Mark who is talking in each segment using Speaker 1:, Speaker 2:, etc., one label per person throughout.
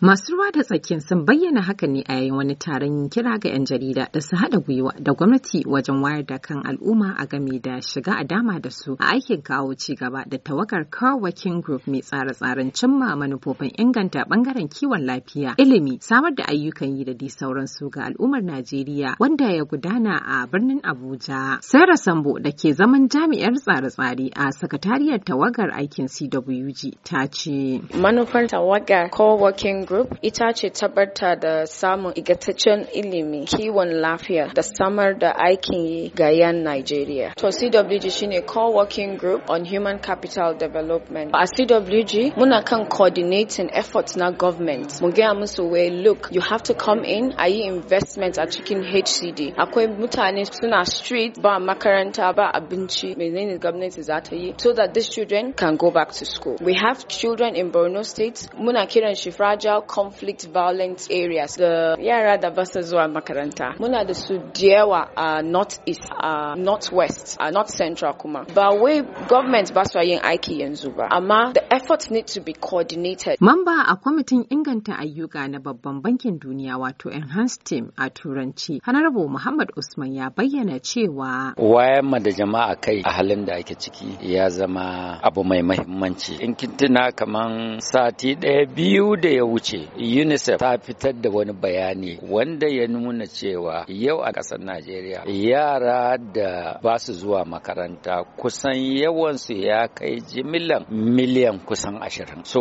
Speaker 1: Masu ruwa da tsakin sun bayyana haka ne a yayin wani taron kira ga 'yan jarida da su haɗa gwiwa da gwamnati wajen wayar da kan al'umma a game da shiga a dama da su a aikin kawo ci gaba da tawagar Working Group mai tsare-tsaren cimma manufofin inganta bangaren kiwon lafiya, ilimi, samar da ayyukan yi da dai sauransu ga al'ummar Najeriya wanda ya gudana a birnin Abuja. Sarah Sambo da ke zaman jami'ar tsare-tsare a sakatariyar tawagar aikin CWG ta ce.
Speaker 2: Manufar tawagar Working Group ita ce tabarta da samun igataccen ilimi, kiwon lafiya da samar da aikin yi ga 'yan nigeria. To CWG shine Co-working Group on Human Capital Development. A CWG muna kan coordinating efforts na government. Mu gaya musu wai look you have to come in a yi investment a cikin HCD. Akwai mutane suna street ba makaranta ba abinci menene gwamnati za ta yi so that these children can go back to school. We have children in Borno State muna kiran shi fragile conflict violent areas ga yara da ba su zuwa makaranta muna da su diyawa a north east a north west a north central kuma ba wai government ba su yin aiki yanzu ba amma the efforts need to be coordinated
Speaker 1: mamba a kwamitin inganta ayyuka na babban bankin duniya wato enhanced team a turanci hanarabu muhammad usman ya bayyana cewa
Speaker 3: wayan da jama'a kai a halin da ake ciki ya zama abu mai mahimmanci in kin tuna kaman sati ɗaya biyu da ya wuce ce UNICEF ta fitar da wani bayani wanda ya nuna cewa yau a ƙasar Najeriya yara da ba su zuwa makaranta kusan yawansu ya kai jimillan miliyan kusan ashirin. So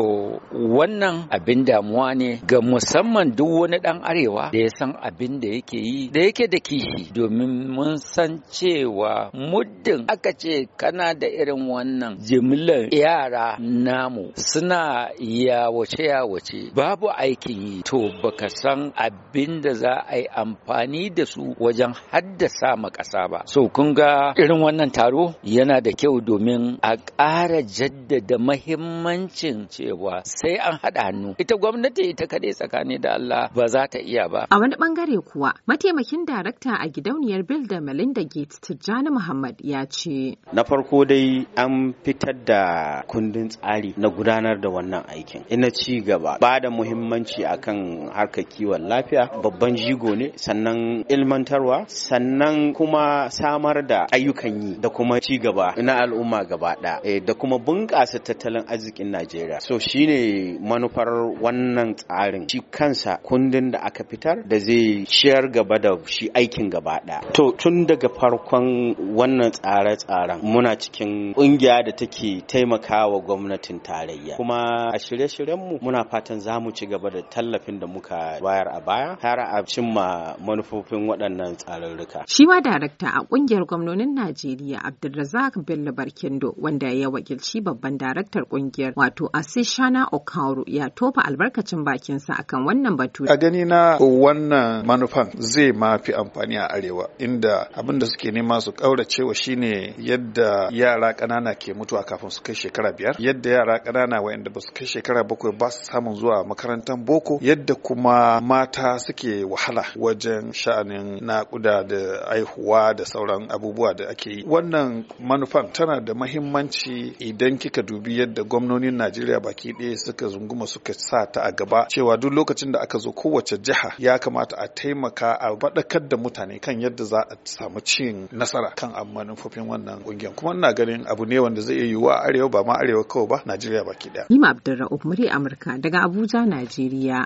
Speaker 3: wannan abin damuwa ne ga musamman duk wani ɗan arewa da ya san abin da yake yi da yake da kishi domin mun san cewa muddin aka ce kana da irin wannan jimillan yara namu suna yawace-yawace babu babu aikin yi to baka san abin da za a yi amfani da su wajen haddasa ma ƙasa ba so kun ga irin wannan taro yana da kyau domin a ƙara jaddada mahimmancin cewa sai an haɗa hannu ita gwamnati ita kaɗai tsakani da Allah ba za ta iya ba a
Speaker 1: wani bangare kuwa mataimakin darakta a gidauniyar Bill da Melinda Gates Tijjani Muhammad ya ce
Speaker 3: na farko dai an fitar
Speaker 4: da kundin tsari na gudanar da wannan aikin ina ci gaba ba da muhimmanci akan harkar kiwon lafiya babban jigo ne sannan ilmantarwa sannan kuma samar da ayyukan yi da kuma ci gaba na al'umma gaba ɗaya eh, da kuma bunƙasa tattalin arzikin Najeriya so shine manufar wannan tsarin shi kansa kundin da aka fitar da zai shiyar gaba da shi aikin gaba ɗaya to tun daga farkon wannan tsare-tsaren muna cikin ƙungiya da take taimakawa gwamnatin tarayya kuma a shirye-shiryenmu muna fatan zamu mu ci gaba da tallafin da muka bayar a baya har a cimma manufofin waɗannan tsarurruka.
Speaker 1: Shi ma darakta a ƙungiyar gwamnonin Najeriya Abdulrazak Bello Barkindo wanda ya wakilci babban daraktar ƙungiyar wato Asishana Okauru ya tofa albarkacin bakinsa akan wannan batu. A gani na
Speaker 5: wannan manufan zai ma fi amfani a arewa inda abin da suke nema su ƙauracewa shine yadda yara ƙanana ke mutuwa kafin su kai shekara biyar yadda yara ƙanana waɗanda ba su kai shekara bakwai ba su samun zuwa makarantar boko yadda kuma mata suke wahala wajen sha'anin nakuda da aihuwa da sauran abubuwa da ake yi wannan manufan tana da mahimmanci idan kika dubi yadda gwamnonin najeriya baki ɗaya suka zunguma suka sa ta a gaba cewa duk lokacin da aka zo kowace jiha ya kamata a taimaka a baɗakar da mutane kan yadda za a samu cin nasara kan manufofin wannan ƙungiyar kuma ina ganin abu ne wanda zai iya yiwuwa arewa ba ma arewa kawai ba najeriya baki ɗaya.
Speaker 1: Nima Abdulra'uf murya Amurka daga Abuja Najeriya.